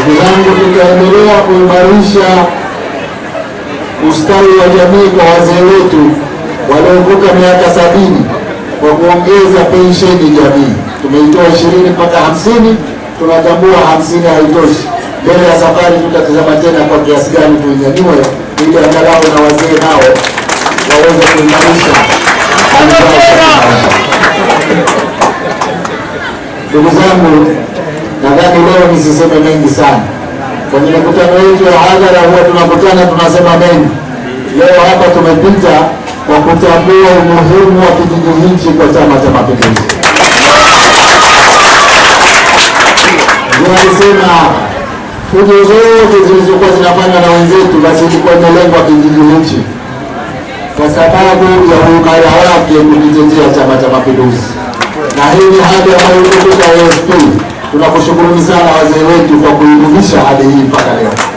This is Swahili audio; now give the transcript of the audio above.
Ndugu zangu, tutaendelea kuimarisha ustawi wa jamii kwa wazee wetu waliovuka miaka sabini kwa kuongeza pensheni jamii. Tumeitoa ishirini mpaka hamsini, tunatambua hamsini haitoshi. Mbele ya safari tutatazama tena kwa kiasi gani tuinyanyue, ili angalau na wazee nao waweze kuimarisha. Ndugu zangu, nadhani leo nisiseme mengi sana. Kwenye mikutano yetu ya hadhara huwa tunakutana tunasema mengi. Leo hapa tumepita kwa kutambua umuhimu wa kijiji hichi kwa Chama cha Mapinduzi. Alisema fujo zote zilizokuwa zinafanywa na wenzetu, basi ilikuwa imelengwa kijiji hichi kwa sababu ya uimara wake kukitetea Chama cha Mapinduzi, na hii ni hali ambayo ilikuta ASP tunakushukuru sana wazee wetu kwa kuidumisha hali hii mpaka leo.